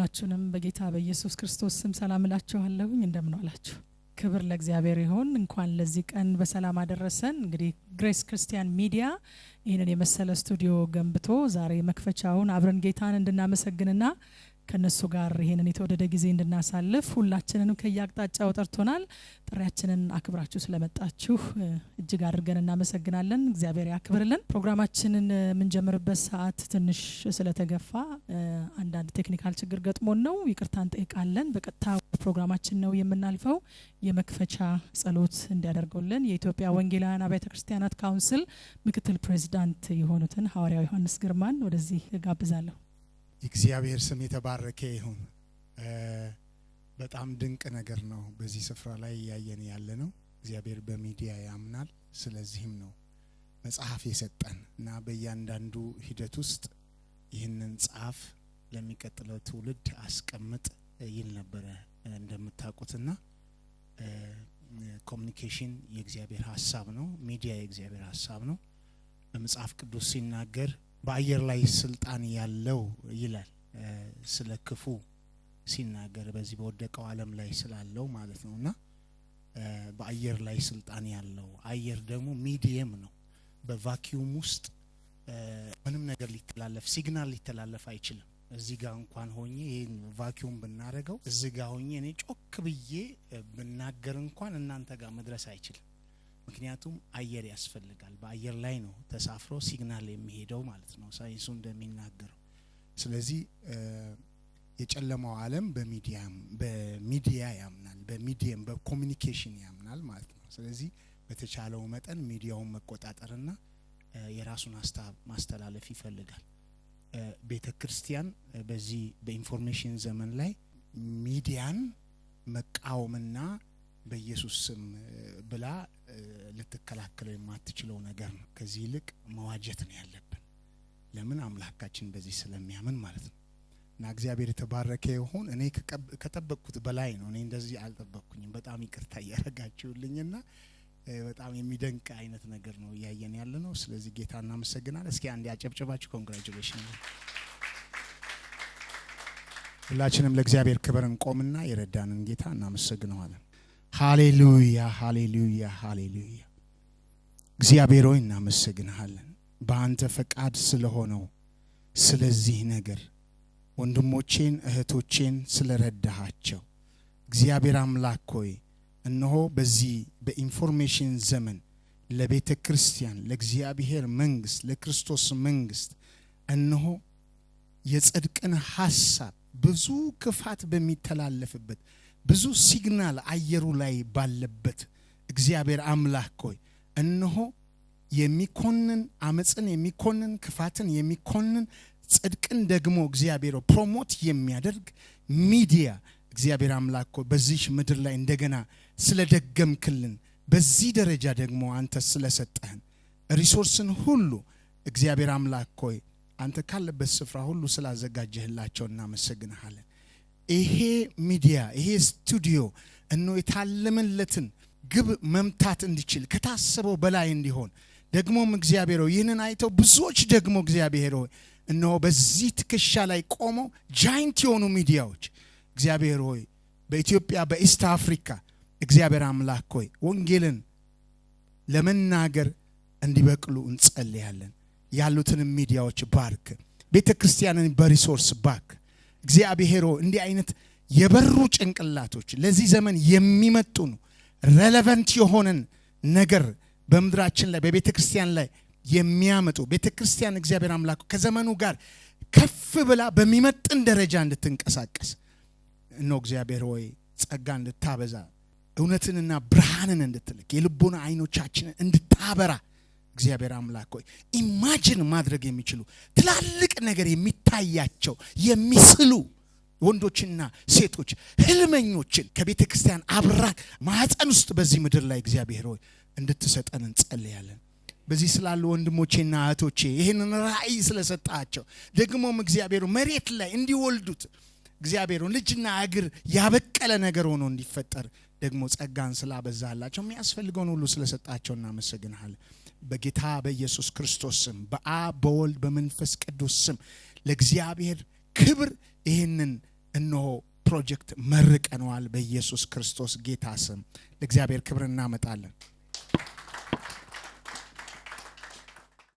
ሁላችሁንም በጌታ በኢየሱስ ክርስቶስ ስም ሰላም እላችኋለሁኝ። እንደምን አላችሁ? ክብር ለእግዚአብሔር ይሁን። እንኳን ለዚህ ቀን በሰላም አደረሰን። እንግዲህ ግሬስ ክርስቲያን ሚዲያ ይህንን የመሰለ ስቱዲዮ ገንብቶ ዛሬ መክፈቻውን አብረን ጌታን እንድናመሰግንና ከነሱ ጋር ይሄንን የተወደደ ጊዜ እንድናሳልፍ ሁላችንንም ከየአቅጣጫው ጠርቶናል። ጥሪያችንን አክብራችሁ ስለመጣችሁ እጅግ አድርገን እናመሰግናለን። እግዚአብሔር ያክብርልን። ፕሮግራማችንን የምንጀምርበት ሰዓት ትንሽ ስለተገፋ አንዳንድ ቴክኒካል ችግር ገጥሞን ነው፣ ይቅርታ እንጠይቃለን። በቀጥታ ፕሮግራማችን ነው የምናልፈው። የመክፈቻ ጸሎት እንዲያደርጉልን የኢትዮጵያ ወንጌላውያን አብያተ ክርስቲያናት ካውንስል ምክትል ፕሬዚዳንት የሆኑትን ሐዋርያው ዮሐንስ ግርማን ወደዚህ ጋብዛለሁ። የእግዚአብሔር ስም የተባረከ ይሁን። በጣም ድንቅ ነገር ነው በዚህ ስፍራ ላይ እያየን ያለ ነው። እግዚአብሔር በሚዲያ ያምናል። ስለዚህም ነው መጽሐፍ የሰጠን እና በእያንዳንዱ ሂደት ውስጥ ይህንን ጻፍ፣ ለሚቀጥለው ትውልድ አስቀምጥ ይል ነበረ እንደምታውቁትና ኮሚኒኬሽን የእግዚአብሔር ሀሳብ ነው። ሚዲያ የእግዚአብሔር ሀሳብ ነው። በመጽሐፍ ቅዱስ ሲናገር በአየር ላይ ስልጣን ያለው ይላል ስለ ክፉ ሲናገር በዚህ በወደቀው ዓለም ላይ ስላለው ማለት ነው እና በአየር ላይ ስልጣን ያለው አየር ደግሞ ሚዲየም ነው። በቫኪዩም ውስጥ ምንም ነገር ሊተላለፍ ሲግናል ሊተላለፍ አይችልም። እዚህ ጋር እንኳን ሆኜ ይህን ቫኪዩም ብናደርገው እዚህ ጋር ሆኜ እኔ ጮክ ብዬ ብናገር እንኳን እናንተ ጋር መድረስ አይችልም። ምክንያቱም አየር ያስፈልጋል። በአየር ላይ ነው ተሳፍሮ ሲግናል የሚሄደው ማለት ነው ሳይንሱ እንደሚናገረው። ስለዚህ የጨለማው አለም በሚዲያም በሚዲያ ያምናል፣ በሚዲየም በኮሚኒኬሽን ያምናል ማለት ነው። ስለዚህ በተቻለው መጠን ሚዲያውን መቆጣጠርና የራሱን ሀሳብ ማስተላለፍ ይፈልጋል። ቤተ ክርስቲያን በዚህ በኢንፎርሜሽን ዘመን ላይ ሚዲያን መቃወምና በኢየሱስ ስም ብላ ልትከላከለው የማትችለው ነገር ነው። ከዚህ ይልቅ መዋጀት ነው ያለብን። ለምን አምላካችን በዚህ ስለሚያምን ማለት ነው። እና እግዚአብሔር የተባረከ ይሁን። እኔ ከጠበቅኩት በላይ ነው። እኔ እንደዚህ አልጠበቅኩኝም። በጣም ይቅርታ እያረጋችሁልኝና በጣም የሚደንቅ አይነት ነገር ነው እያየን ያለ ነው። ስለዚህ ጌታ እናመሰግናለን። እስኪ አንድ ያጨብጨባችሁ ኮንግራጁሌሽን ነው። ሁላችንም ለእግዚአብሔር ክብር እንቆምና የረዳንን ጌታ እናመሰግነዋለን። ሃሌሉያ ሃሌሉያ ሃሌሉያ። እግዚአብሔር ሆይ እናመሰግንሃለን በአንተ ፈቃድ ስለሆነው ስለዚህ ነገር ወንድሞቼን እህቶቼን ስለረዳሃቸው እግዚአብሔር አምላክ ሆይ እነሆ በዚህ በኢንፎርሜሽን ዘመን ለቤተ ክርስቲያን ለእግዚአብሔር መንግስት ለክርስቶስ መንግስት እነሆ የጽድቅን ሐሳብ ብዙ ክፋት በሚተላለፍበት ብዙ ሲግናል አየሩ ላይ ባለበት እግዚአብሔር አምላክ ሆይ እነሆ የሚኮንን አመፅን የሚኮንን ክፋትን የሚኮንን ጽድቅን ደግሞ እግዚአብሔር ፕሮሞት የሚያደርግ ሚዲያ እግዚአብሔር አምላክ ሆይ በዚህ ምድር ላይ እንደገና ስለደገምክልን በዚህ ደረጃ ደግሞ አንተ ስለሰጠህን ሪሶርስን ሁሉ እግዚአብሔር አምላክ ሆይ አንተ ካለበት ስፍራ ሁሉ ስላዘጋጀህላቸው እናመሰግንሃለን። ይሄ ሚዲያ ይሄ ስቱዲዮ እኖ የታለመለትን ግብ መምታት እንዲችል ከታሰበው በላይ እንዲሆን ደግሞም እግዚአብሔር ሆይ ይህንን አይተው ብዙዎች ደግሞ እግዚአብሔር ሆይ እነሆ በዚህ ትከሻ ላይ ቆመው ጃይንት የሆኑ ሚዲያዎች እግዚአብሔር ሆይ በኢትዮጵያ በኢስት አፍሪካ እግዚአብሔር አምላክ ሆይ ወንጌልን ለመናገር እንዲበቅሉ እንጸልያለን። ያሉትን ሚዲያዎች ባርክ። ቤተ ክርስቲያንን በሪሶርስ ባክ እግዚአብሔር እንዲህ አይነት የበሩ ጭንቅላቶች ለዚህ ዘመን የሚመጡን ረለቨንት የሆነን ነገር በምድራችን ላይ በቤተ ክርስቲያን ላይ የሚያመጡ ቤተ ክርስቲያን እግዚአብሔር አምላክ ከዘመኑ ጋር ከፍ ብላ በሚመጥን ደረጃ እንድትንቀሳቀስ እኖ እግዚአብሔር ወይ ጸጋ እንድታበዛ እውነትንና ብርሃንን እንድትልክ የልቦና አይኖቻችንን እንድታበራ እግዚአብሔር አምላክ ሆይ ኢማጅን ማድረግ የሚችሉ ትላልቅ ነገር የሚታያቸው የሚስሉ ወንዶችና ሴቶች ህልመኞችን ከቤተ ክርስቲያን አብራክ ማህፀን ውስጥ በዚህ ምድር ላይ እግዚአብሔር ሆይ እንድትሰጠን እንጸልያለን። በዚህ ስላሉ ወንድሞቼና እህቶቼ ይህንን ራእይ ስለሰጣቸው ደግሞም እግዚአብሔሩ መሬት ላይ እንዲወልዱት እግዚአብሔሩን ልጅና እግር ያበቀለ ነገር ሆኖ እንዲፈጠር ደግሞ ጸጋን ስላበዛላቸው የሚያስፈልገውን ሁሉ ስለሰጣቸው እናመሰግንሃለን። በጌታ በኢየሱስ ክርስቶስ ስም በአብ በወልድ በመንፈስ ቅዱስ ስም ለእግዚአብሔር ክብር ይህንን እነሆ ፕሮጀክት መርቀነዋል። በኢየሱስ ክርስቶስ ጌታ ስም ለእግዚአብሔር ክብር እናመጣለን።